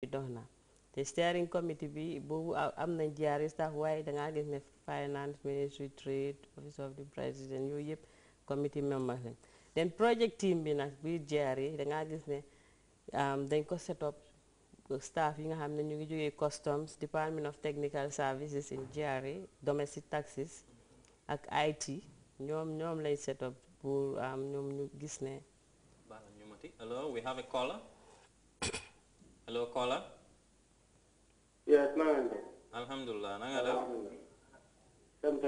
The te steering committee bi boobu am nañ GRA staff waaye the gis ne finance ministry trade office of the president yooyu yëpp committee members then project team bi nag biir GRA dangaa gis ne um, dañ ko set up staff yi nga xam ne ñu ngi jógee customs department of technical services in GRA domestic taxes ak IT ñoom set up pour um, ñoom ñu gis ne. we have a caller. hello caller. yes maa ngi alhamdulilah na def. sant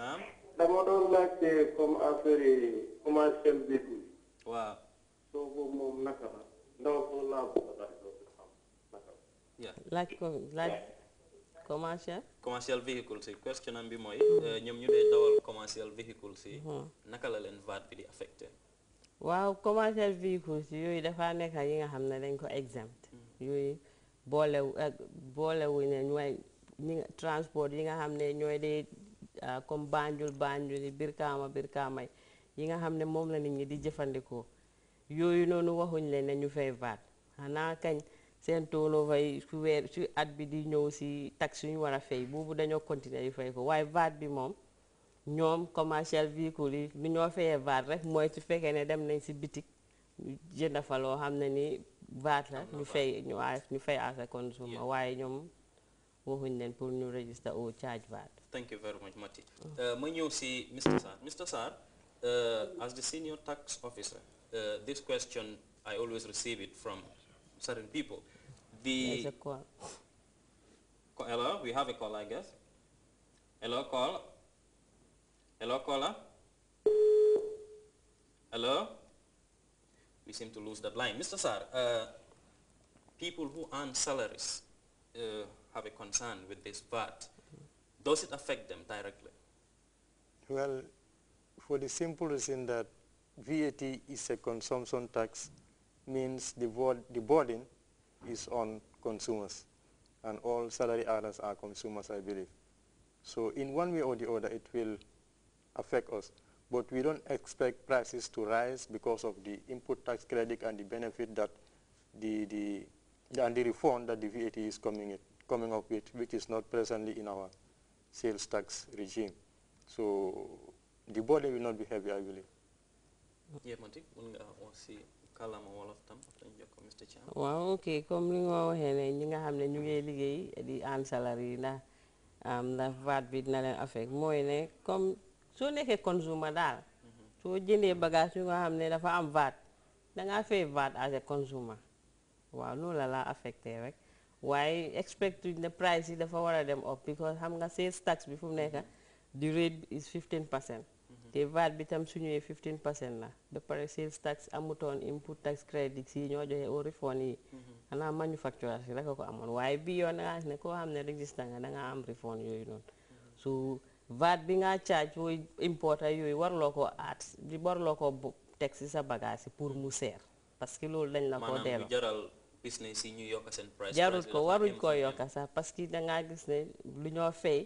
naam. dama doon laajte comme affaire yi commercial bi. waaw. soo ko moom naka la. ndaw soo laa bëgg a laaj ko commercial. commercial si question bi mooy eh, ñoom ñu dee dawal commercial véhicule si. Mm-hmm. naka la leen VAT bi di affecté. waaw commercial si yooyu dafa nekk yi nga xam ne dañ ko exempt mm. yooyu boole eh, boolewuñ ne ñooy transport yi nga xam ne ñooy dee ah, comme banjul banjul yi birkaama birkaama yi nga xam ne moom la nit ñi di jëfandikoo yooyu noonu waxuñ leen ne ñu fay vaat xanaa kañ seen turnover yi su at bi di ñëw si tax suñu war a fay boobu dañoo continuer di fay ko waaye vaat bi moom commercial véhicule yi ñoo rek ne dem nañ fa ni la ñu fay ñu ñu fay as a consumer waxuñ leen pour ñu register au charge thank you very much Mati. Euh, ma ñëw si Mr sar Mr Sarr euh, as the senior tax officer euh, this question I always receive it from certain people. The Hello, we have a call I guess. Hello, call. Hello, caller? Hello? We seem to lose that line. Mr. Sar, uh, people who earn salaries uh, have a concern with this VAT. Does it affect them directly? Well, for the simple reason that VAT is a consumption tax, means the, the burden is on consumers, and all salary earners are consumers, I believe. So in one way or the other, it will affect us. But we don't expect prices to rise because of the input tax credit and the benefit that the, the, and the reform that the VAT is coming, it, coming up with, which is not presently in our sales tax regime. So the burden will not be heavy, I believe. Yeah, all waaw ok comme li nga waxee ne ñi nga xam ne ñu ngi liggéey di an salary yi ndax ndax VAT bi dina affect mooy ne comme so, nekkee consumer dal, soo jëndee bagage yu nga xam ne dafa am VAT dangaa fay VAT as a consumer waaw loolu la la affecté rek Why expect ne price yi dafa war a dem up because xam nga sales tax before fu mu nekk the rate is 15 percent The VAT bi tam su 15 percent la ba pare sales tax amutoon input tax credit yi ñoo joxe au refund yi xanaa manufacturers yi rek ko amoon waaye bi yoon dangaa ne koo xam ne register am refund yooyu noonu so VAT bi nga charge fooy importer yooyu warloo ko aat di warloo ko teg si sa bagage yi pour mu seer parce que loolu dañ la ko delloo jaral business yi ñu yokk seen price jarul ko waruñ ko yokk sax parce que dangaa gis ne lu ñoo fay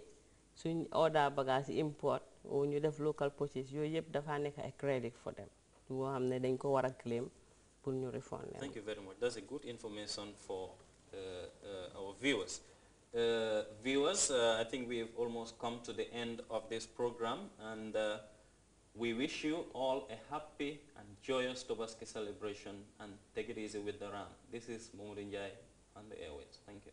suñ order bagage yi import o ñu def local purchase yooyu yëpp dafaa nekk ay credit for them woo xam ne dañ ko war a claim pour ñu refund leen thank you very much that's a good information for uh, uh, our viewers Uh, viewers, uh, I think we've almost come to the end of this program and uh, we wish you all a happy and joyous Tobaski celebration and take it easy with the run. This is Mumurinjai on the airways. Thank you.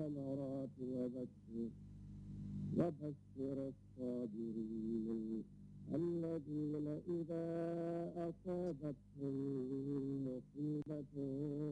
الثمرات وبشر وبشر الصابرين الذين إذا أصابتهم مصيبة